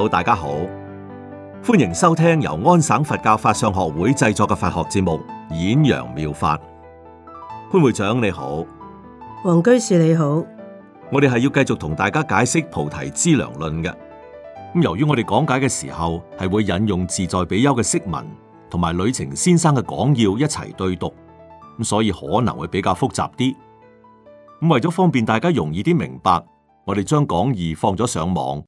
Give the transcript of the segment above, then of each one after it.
好，大家好，歡迎收聽由安省佛教法相學會製作嘅佛學節目《演揚妙法》。潘會長你好，黃居士你好，我哋係要繼續同大家解釋《菩提資糧論》嘅。咁由於我哋講解嘅時候係會引用自在比丘嘅釋文同埋呂澂先生嘅講要一齊對讀，咁所以可能會比較複雜啲。咁為咗方便大家容易啲明白，我哋將講義放咗上網。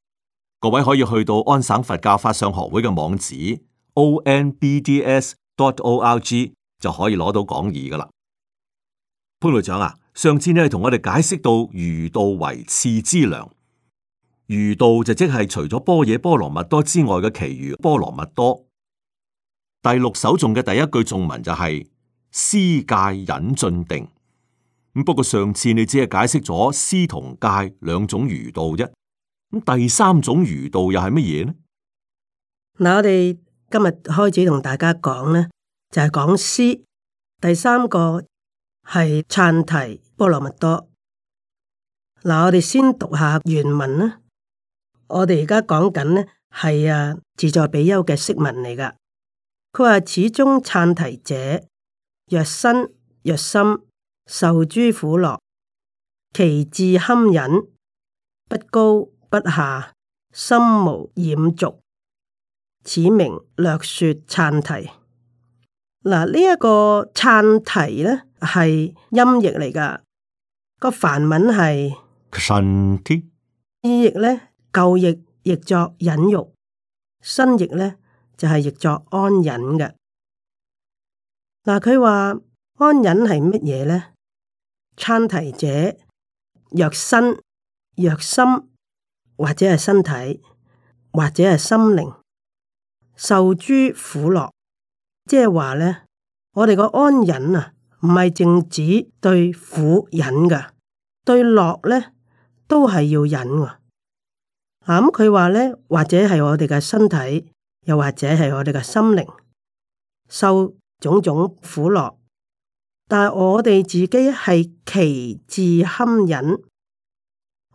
各位可以去到安省佛教法相學會嘅網址 o n b d s dot o r g 就可以攞到講義㗎喇。潘隊長啊，上次你係同我哋解釋到餘度為次之良，餘度就即係除咗般若波羅蜜多之外嘅其餘波羅蜜多。第六首頌嘅第一句頌文就係、是、施戒忍進定。不過上次你只係解釋咗施同戒兩種餘度第三種儒道又係乜嘢呢？嗱，我哋今日開始同大家講咧，就係、是、講詩。第三個係《羼提波羅蜜多》。嗱，我哋先讀下原文啦。我哋而家講緊咧係啊自在比丘嘅釋文嚟噶。佢話：始終羼提者，若身若心，受諸苦樂，其志堪忍，不高。不下，心無染濁，此名略說羼提。嗱、這個，呢一個羼提咧係音譯嚟噶，那個梵文係。意譯咧，舊譯譯作忍辱；新譯咧就係、是、譯作安忍嘅。嗱，佢話安忍係乜嘢咧？羼提者，若身若心。或者係身體，或者係心靈，受諸苦樂，即係話咧，我哋個安忍啊，唔係淨止對苦忍嘅，對樂咧都係要忍。嗱、嗯，咁佢話咧，或者係我哋嘅身體，又或者係我哋嘅心靈，受種種苦樂，但係我哋自己係其自堪忍，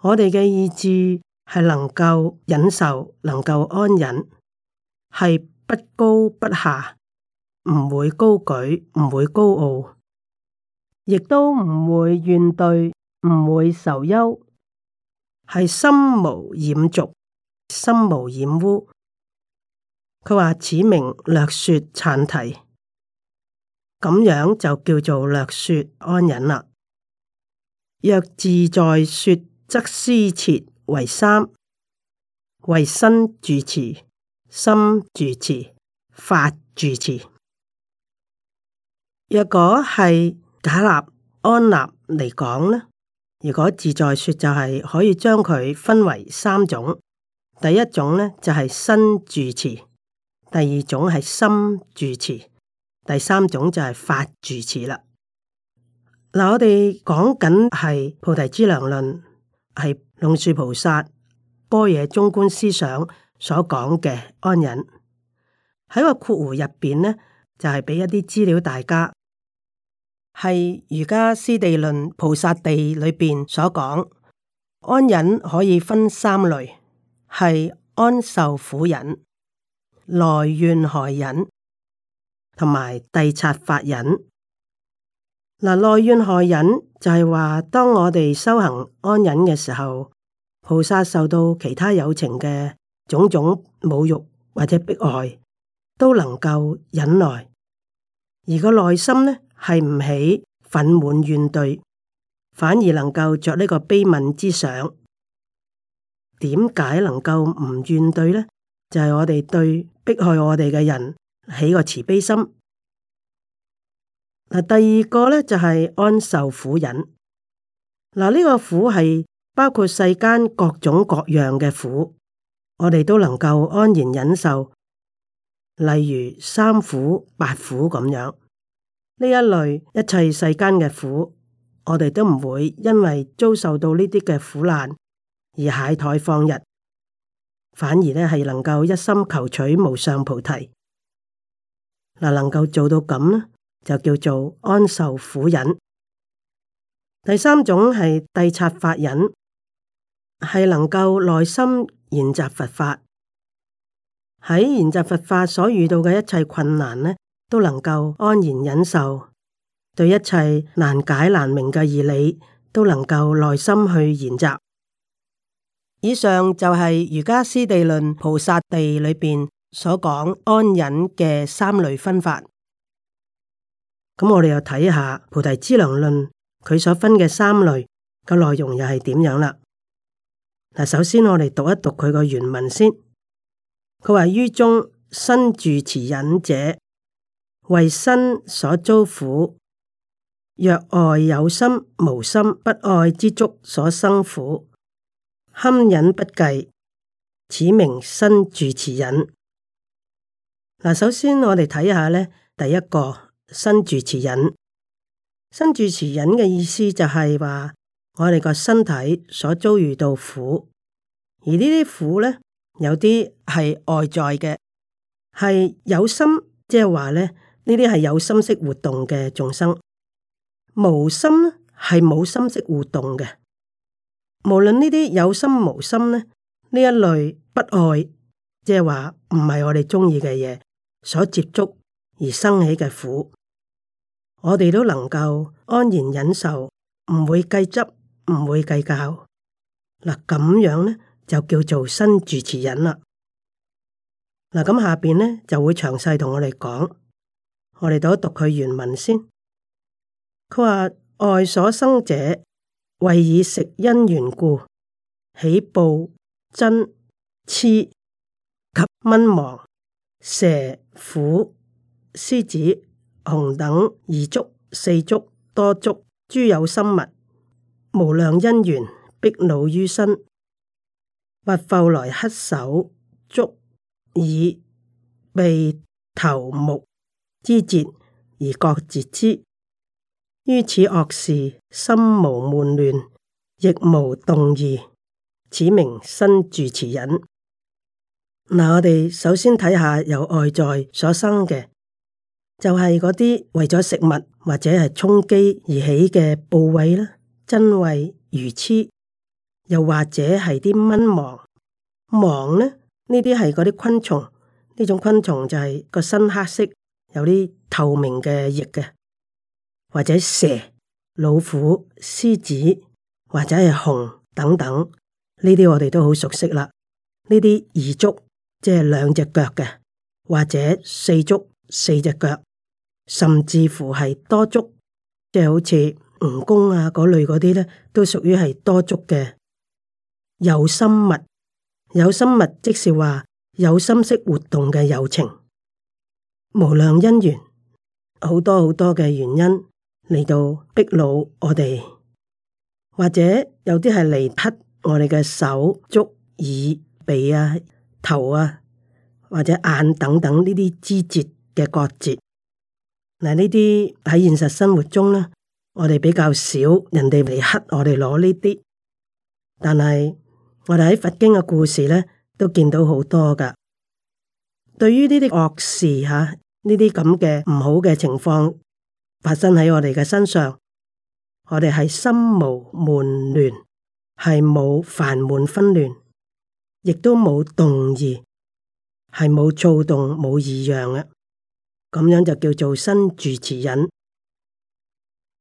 我哋嘅意志。係能夠忍受，能夠安忍，係不高不下，唔會高舉，唔會高傲，亦都唔會怨對，唔會愁憂，係心無染濁，心無染污。佢話此名略說羼提，咁樣就叫做略說安忍啦。若自在說，則思切。為三為身住持、心住持、法住持，若果係假立安立嚟講呢，如果自在說就係可以將佢分為三種。第一種呢就係、是、身住持，第二種係心住持，第三種就係法住持啦。嗱，我哋講緊係菩提資糧論係。龍樹菩薩波野中觀思想所講嘅安忍，喺個括弧入邊呢，就係、是、畀一啲資料大家。係儒家師地論菩薩地裏邊所講，安忍可以分三類，係安受苦忍、來怨害忍，同埋地察法忍。嗱，內怨害忍就係話，當我哋修行安忍嘅時候，菩薩受到其他有情嘅種種侮辱或者迫害，都能夠忍耐，而個內心呢係唔起憤滿怨對，反而能夠着呢個悲憫之想。點解能夠唔怨對呢？就係我哋對迫害我哋嘅人起個慈悲心。第二個呢，就係安受苦忍。嗱，呢個苦係包括世間各種各樣嘅苦，我哋都能夠安然忍受。例如三苦、八苦咁樣呢一類一切世間嘅苦，我哋都唔會因為遭受到呢啲嘅苦難而懈怠放逸，反而咧係能夠一心求取無上菩提。嗱，能夠做到咁呢？就叫做安受苦忍。第三種係諦察法忍，係能夠耐心研習佛法，喺研習佛法所遇到嘅一切困難呢，都能夠安然忍受，對一切難解難明嘅義理都能夠耐心去研習。以上就係、是、瑜伽師地論菩薩地裏邊所講安忍嘅三類分法。咁我哋又睇下菩提資糧論，佢所分嘅三類個內容又係點樣啦？嗱，首先我哋讀一讀佢個原文先。佢話，於中身住持忍者，為身所遭苦，若愛有心無心不愛之足所生苦，堪忍不計，此名身住持忍。嗱，首先我哋睇下咧，第一個。身住持忍，身住持忍嘅意思就係話我哋個身體所遭遇到苦，而苦，呢啲苦咧，有啲係外在嘅，係有心，即係話咧，呢啲係有心識活動嘅眾生，無心咧係冇心識活動嘅。無論呢啲有心無心咧呢一類不愛，即係話唔係我哋中意嘅嘢所接觸而生起嘅苦。我哋都能夠安然忍受，唔會計執，唔會計較。嗱咁樣咧就叫做新主持人啦。嗱咁下邊咧就會詳細同我哋講，我哋讀一讀佢原文先。佢話愛所生者，為以食因緣故，喜暴、瞋、痴及蚊、虻、蛇、虎、獅子。獅紅等二足四足多足，諸有生物，無量因緣，逼惱於身，或復來乞手足以備頭目之節而各截之。於此惡事，心無悶亂，亦無動意，此名身住持忍。嗱，我哋首先睇下有外在所生嘅。就係嗰啲為咗食物或者係充飢而起嘅部位啦，真胃、如痴，又或者係啲蚊忙，忙咧，呢啲係嗰啲昆蟲，呢種昆蟲就係個身黑色，有啲透明嘅翼嘅，或者蛇、老虎、獅子，或者係熊等等，呢啲我哋都好熟悉啦。呢啲二足即係兩隻腳嘅，或者四足四隻腳。甚至乎係多足，即係好似蜈蚣啊嗰類嗰啲咧，都屬於係多足嘅有心物。有心物即係話有心識活動嘅有情，無量因緣好多好多嘅原因嚟到逼老我哋，或者有啲係嚟劈我哋嘅手、足、耳、鼻啊、頭啊或者眼等等呢啲肢節嘅關節。但係，呢啲喺現實生活中咧，我哋比較少人哋嚟黑我哋攞呢啲，但係我哋喺佛經嘅故事咧，都見到好多噶。對於呢啲惡事吓，呢啲咁嘅唔好嘅情況發生喺我哋嘅身上，我哋係心無悶亂，係冇煩悶紛亂，亦都冇動意，係冇躁動，冇異樣嘅。咁樣就叫做新住持忍。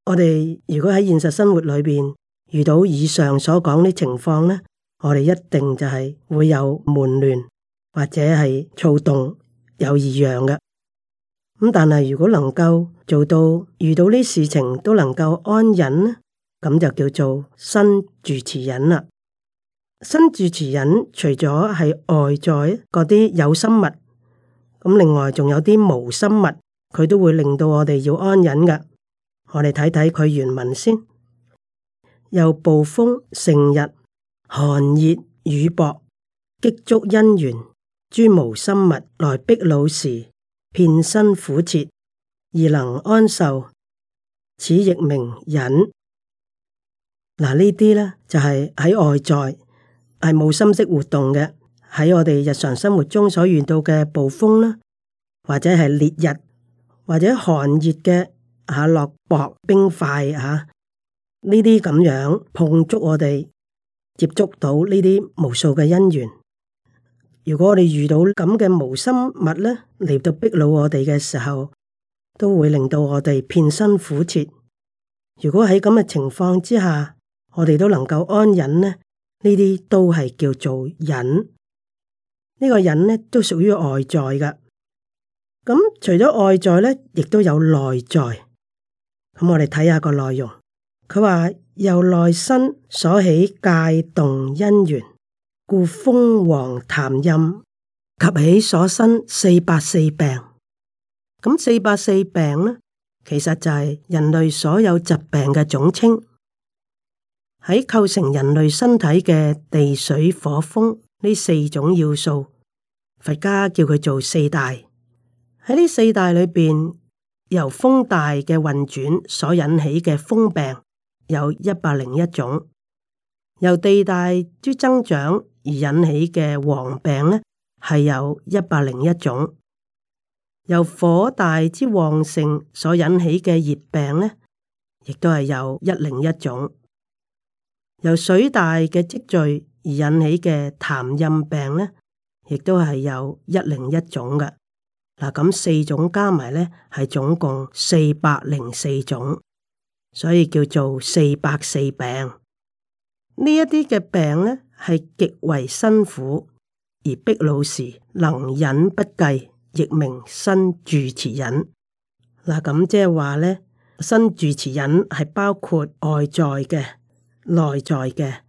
我哋如果喺現實生活裏邊遇到以上所講呢情況呢，我哋一定就係會有悶亂或者係躁動，有異樣嘅。咁但係如果能夠做到遇到呢事情都能夠安忍呢，咁就叫做新住持忍啦。新住持忍除咗係外在嗰啲有心物。咁另外仲有啲無心物，佢都會令到我哋要安忍嘅。我哋睇睇佢原文先。又暴風盛日，寒熱雨雹，激觸因緣，諸無心物來逼惱時，遍身苦切，而能安受，此亦名忍。嗱，啊，呢啲咧，就係、是、喺外在，係冇心識活動嘅。喺我哋日常生活中所遇到嘅暴風啦，或者係烈日，或者寒熱嘅下落薄冰塊嚇，呢啲咁樣碰觸我哋，接觸到呢啲無數嘅因緣。如果我哋遇到咁嘅無心物咧嚟到逼老我哋嘅時候，都會令到我哋遍身苦切。如果喺咁嘅情況之下，我哋都能夠安忍咧，呢啲都係叫做忍。呢個人呢都屬於外在噶，咁、嗯、除咗外在呢，亦都有內在。咁、嗯、我哋睇下個內容，佢話由內身所起界動因緣，故風黃談音」，及起所身四百四病。咁、嗯、四百四病呢，其實就係人類所有疾病嘅總稱，喺構成人類身體嘅地水火風，呢四種要素，佛家叫佢做四大。喺呢四大裏邊，由風大嘅運轉所引起嘅風病，有一百零一種；由地大之增長而引起嘅黃病呢係有一百零一種；由火大之旺盛所引起嘅熱病呢亦都係有一零一種；由水大嘅積聚。而引起嘅痰飲病呢，亦都係有一零一種嘅。嗱，咁四種加埋呢，係總共四百零四種，所以叫做四百四病。呢一啲嘅病呢，係極為辛苦而逼老時能忍不計，亦名新住持忍。嗱，咁即係話呢，「新住持忍係包括外在嘅、內在嘅。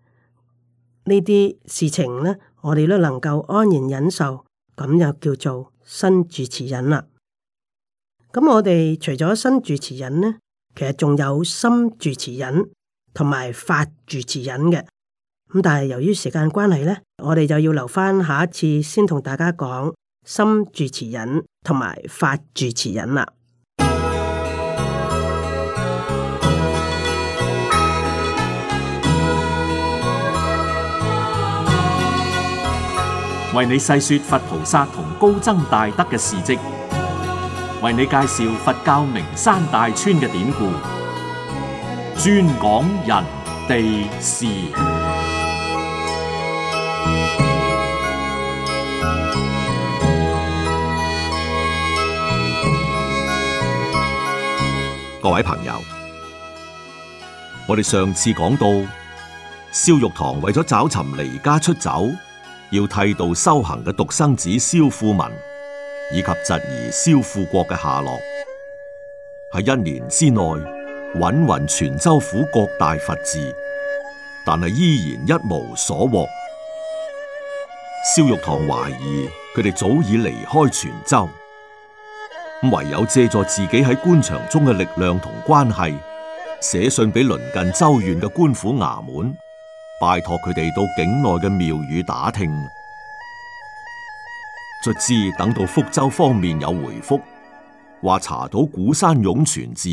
呢啲事情呢，我哋都能夠安然忍受，咁又叫做新住持忍啦。咁我哋除咗新住持忍呢，其實仲有心住持忍同埋法住持忍嘅。咁但係由於時間關係呢，我哋就要留翻下一次先同大家講心住持忍同埋法住持忍啦。為你細說佛菩薩同高僧大德嘅事蹟，為你介紹佛教名山大川嘅典故，專講人地事。各位朋友，我哋上次講到，蕭玉堂為咗找尋離家出走，要剃度修行嘅獨生子蕭富民，以及侄兒蕭富國嘅下落，喺一年之內揾勻泉州府各大佛寺，但係依然一無所獲。蕭玉堂懷疑佢哋早已離開泉州，唯有借助自己喺官場中嘅力量同關係，寫信俾鄰近州縣嘅官府衙門。拜託佢哋到境內嘅廟宇打聽，卒之等到福州方面有回覆話查到鼓山湧泉寺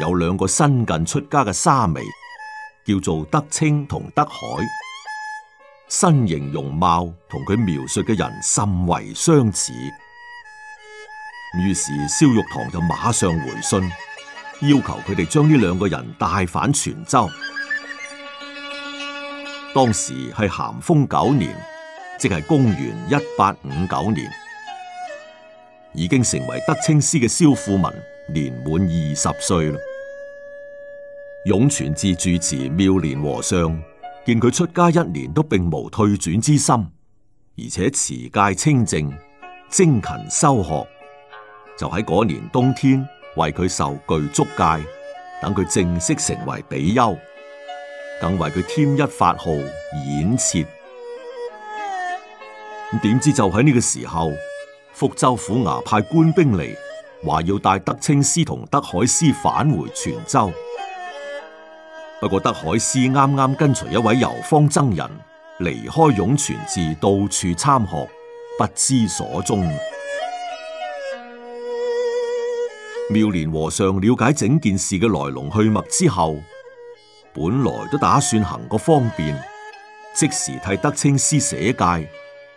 有兩個新近出家嘅沙彌，叫做德清同德海，身形容貌同佢描述嘅人甚為相似。於是蕭玉堂就馬上回信，要求佢哋將呢兩個人帶返泉州。當時係咸豐九年，即係公元一八五九年，已經成為德清師嘅蕭富民年滿二十歲啦。涌泉寺住持妙蓮和尚見佢出家一年都並冇退轉之心，而且持戒清淨、精勤修學，就喺嗰年冬天為佢受具足戒，等佢正式成為比丘。等為佢添一法號演徹。咁點知就喺呢個時候，福州府衙派官兵嚟，話要帶德清師同德海師返回泉州。不過德海師啱啱跟隨一位遊方僧人離開湧泉寺，到處參學，不知所蹤。妙蓮和尚了解整件事嘅來龍去脈之後，本來都打算行個方便，即時替德清師捨戒，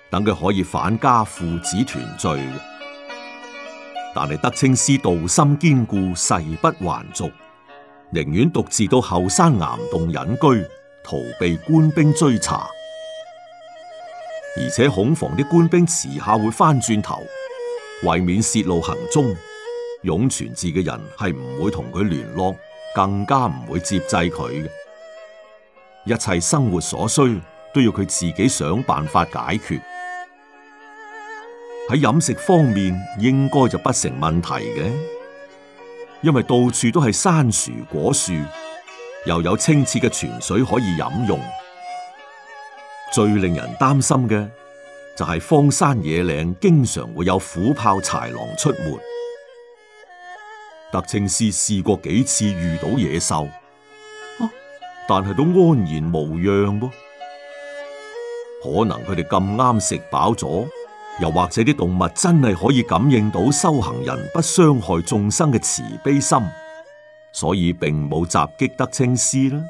等佢可以返家父子團聚。但係德清師道心堅固，誓不還俗，寧願獨自到後山岩洞隱居，逃避官兵追查。而且恐防啲官兵遲下會翻轉頭，為免泄露行蹤，湧泉寺嘅人係唔會同佢聯絡。更加唔會接濟佢嘅，一切生活所需都要佢自己想辦法解決。喺飲食方面應該就不成問題嘅，因為到處都係山樹果樹，又有清澈嘅泉水可以飲用。最令人擔心嘅就係荒山野嶺經常會有虎豹豺狼出沒。德青斯試過幾次遇到野獸，啊、但係都安然無恙噃，哦。可能佢哋咁啱食飽咗，又或者啲動物真係可以感應到修行人不傷害眾生嘅慈悲心，所以並冇襲擊德青斯。呢，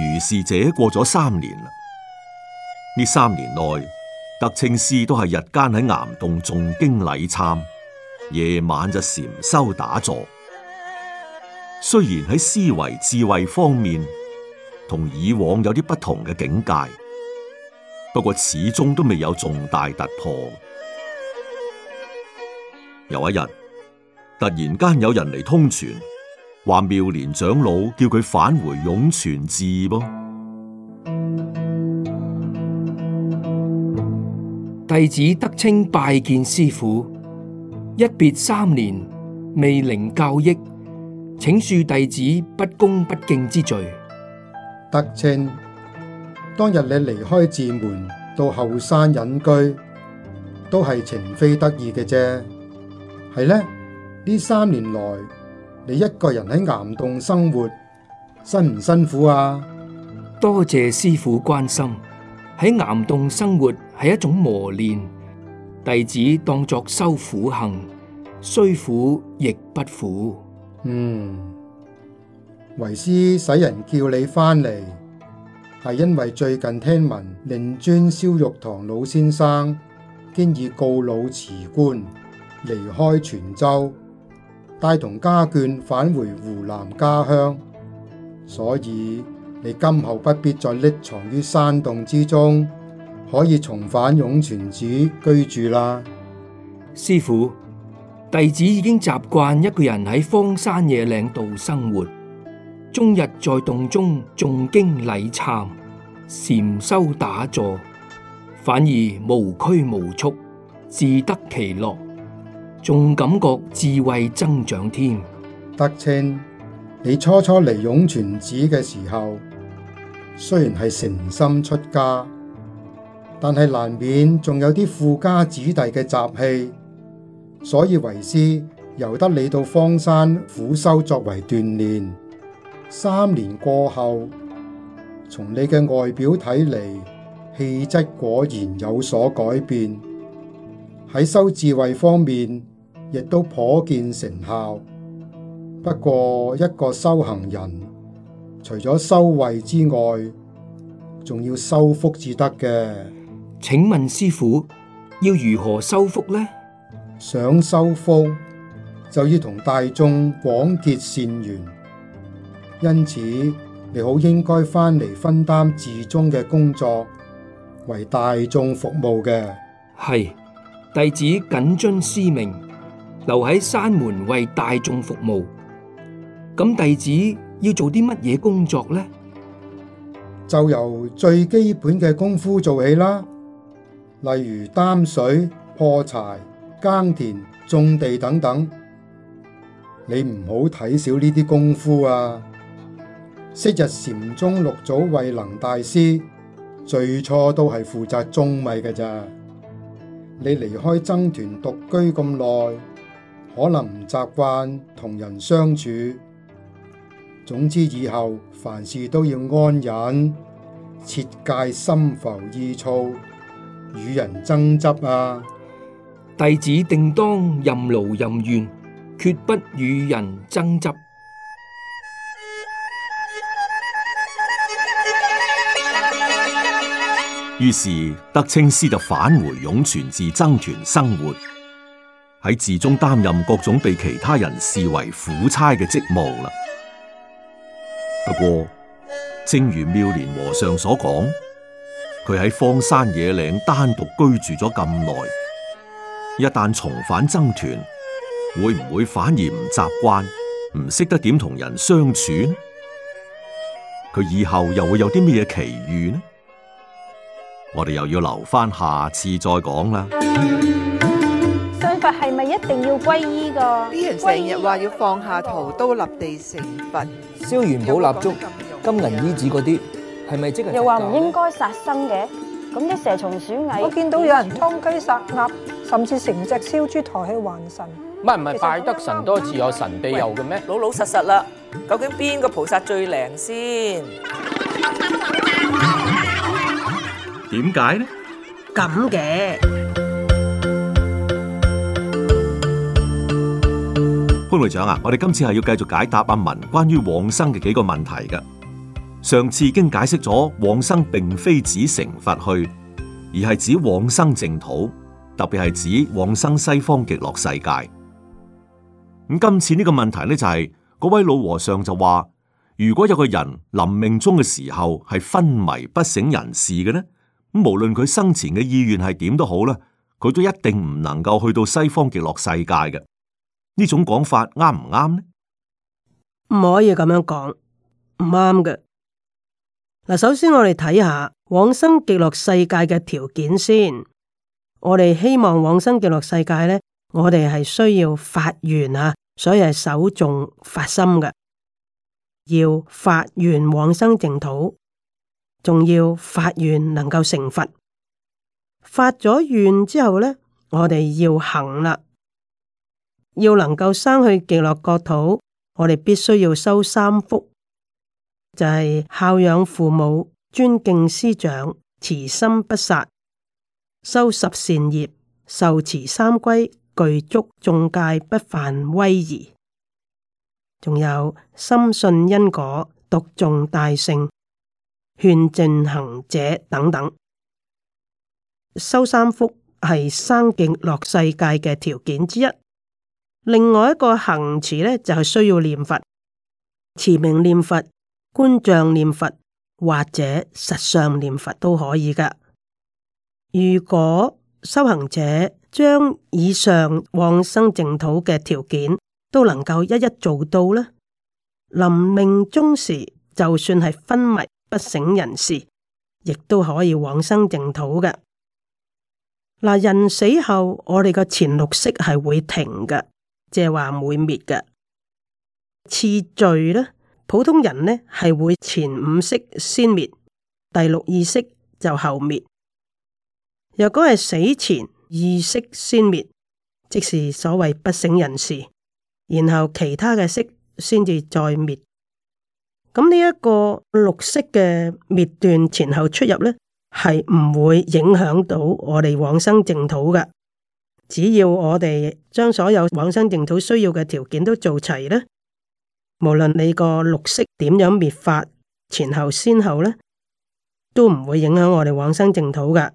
如是者過咗三年啦，呢三年內，德青斯都係日間喺巖洞誦經禮懺。夜晚就禪修打坐，雖然喺思維智慧方面同以往有啲不同嘅境界，不過始終都未有重大突破。有一日，突然間有人嚟通傳，話妙蓮長老叫佢返回湧泉寺噃。弟子德清拜見師父。一別三年，未聆教益，請恕弟子不恭不敬之罪。德清，當日你離開寺門到後山隱居，都係情非得已嘅啫。係呢，呢三年來，你一個人喺巖洞生活，辛唔辛苦啊？多謝師父關心，喺巖洞生活係一種磨練。弟子當作修苦行，雖苦亦不苦。嗯，為師使人叫你翻嚟，係因為最近聽聞令尊蕭玉堂老先生，經已告老辭官，離開泉州，帶同家眷返回湖南家鄉，所以你今後不必再匿藏於山洞之中。可以重返湧泉寺居住啦。師父，弟子已經習慣一個人喺荒山野嶺度生活，終日在洞中誦經禮懺、禪修打坐，反而無拘無束，自得其樂，仲感覺智慧增長添。德清，你初初嚟湧泉寺嘅時候，雖然係誠心出家。但係難免仲有啲富家子弟嘅習氣，所以為師由得你到荒山苦修作為鍛煉。三年過後，從你嘅外表睇嚟，氣質果然有所改變。喺修智慧方面，亦都頗見成效。不過一個修行人，除咗修慧之外，仲要修福至得嘅。請問師父要如何修福呢？想修福就要同大眾廣結善緣，因此你好應該翻嚟分擔寺中嘅工作，為大眾服務嘅。係，弟子謹遵師命，留喺山門為大眾服務。咁弟子要做啲乜嘢工作呢？就由最基本嘅功夫做起啦。例如擔水、破柴、耕田、種地等等，你唔好睇少呢啲功夫啊！昔日禪宗六祖慧能大師最初都係負責舂米嘅咋。你離開僧團獨居咁耐，可能唔習慣同人相處。總之以後凡事都要安忍，切戒心浮意躁。與人爭執啊！弟子定當任勞任怨，決不與人爭執。於 是，德清師就返回湧泉寺僧團生活，喺寺中擔任各種被其他人視為苦差嘅職務啦。不過，正如妙蓮和尚所講。佢喺荒山野嶺單獨居住咗咁耐，一旦重返僧團，會唔會反而唔習慣？唔識得點同人相處呢？佢以後又會有啲咩奇遇呢？我哋又要留翻下，下次再講啦。信佛係咪一定要皈依噶？啲人成日話要放下屠刀立地成佛，燒元寶蠟燭、金銀衣紙嗰啲。又話唔應該殺生嘅，咁啲蛇蟲鼠蟻，我見到有人劏雞殺鴨，甚至成隻燒豬抬去還神。乜唔係拜得神多自有神庇佑嘅咩？老老實實啦，究竟邊個菩薩最靈先？點解呢？咁嘅潘會長啊，我哋今次係要繼續解答阿文關於往生嘅幾個問題㗎。上次已經解釋咗往生並非指成佛去，而係指往生淨土，特別係指往生西方極樂世界。咁今次呢個問題呢，就係、是、嗰位老和尚就話，如果有個人臨命終嘅時候係昏迷不省人事嘅呢，咁無論佢生前嘅意願係點都好啦，佢都一定唔能夠去到西方極樂世界嘅。呢種講法啱唔啱呢？唔可以咁樣講，唔啱嘅。嗱，首先我哋睇下往生極樂世界嘅條件先。我哋希望往生極樂世界呢，我哋係需要發願啊，所以係守重發心嘅，要發願往生淨土，仲要發願能夠成佛。發咗願之後呢，我哋要行啦，要能夠生去極樂國土，我哋必須要修三福。就係孝養父母、尊敬師長、慈心不殺、修十善業、受持三規、具足眾戒、不犯威儀，仲有深信因果、讀眾大乘、勸正行者等等。修三福係生敬樂世界嘅條件之一，另外一個行持呢，就係、是、需要念佛、持名、念佛。觀像念佛或者實相念佛都可以噶。如果修行者將以上往生淨土嘅條件都能夠一一做到呢，臨命終時就算係昏迷不省人事，亦都可以往生淨土嘅。嗱，人死後我哋個前六識係會停嘅，即係話會滅嘅，次序呢。普通人呢係會前五識先滅，第六意識就後滅。若果係死前意識先滅，即是所謂不省人事，然後其他嘅識先至再滅。咁呢一個六識嘅滅斷前後出入呢係唔會影響到我哋往生淨土嘅。只要我哋將所有往生淨土需要嘅條件都做齊咧，無論你個六識點樣滅法，前後先後咧，都唔會影響我哋往生淨土嘅。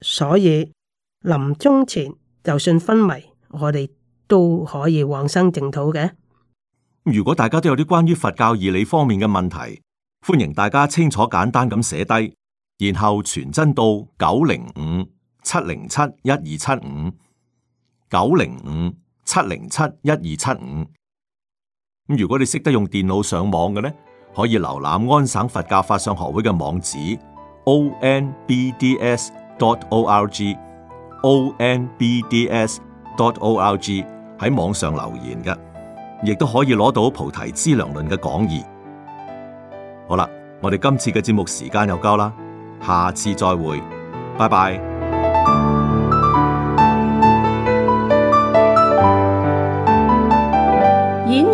所以臨終前就算昏迷，我哋都可以往生淨土嘅。如果大家都有啲關於佛教義理方面嘅問題，歡迎大家清楚簡單咁寫低，然後傳真到九零五七零七一二七五，九零五七零七一二七五。咁如果你識得用電腦上網嘅咧，可以瀏覽安省佛教法相學會嘅網址 o n b d s dot o r g o n b d s dot o r g 喺網上留言嘅，亦都可以攞到《菩提資糧論》嘅講義。好啦，我哋今次嘅節目時間又夠啦，下次再會，拜拜。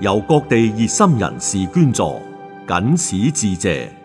由各地熱心人士捐助，僅此致謝。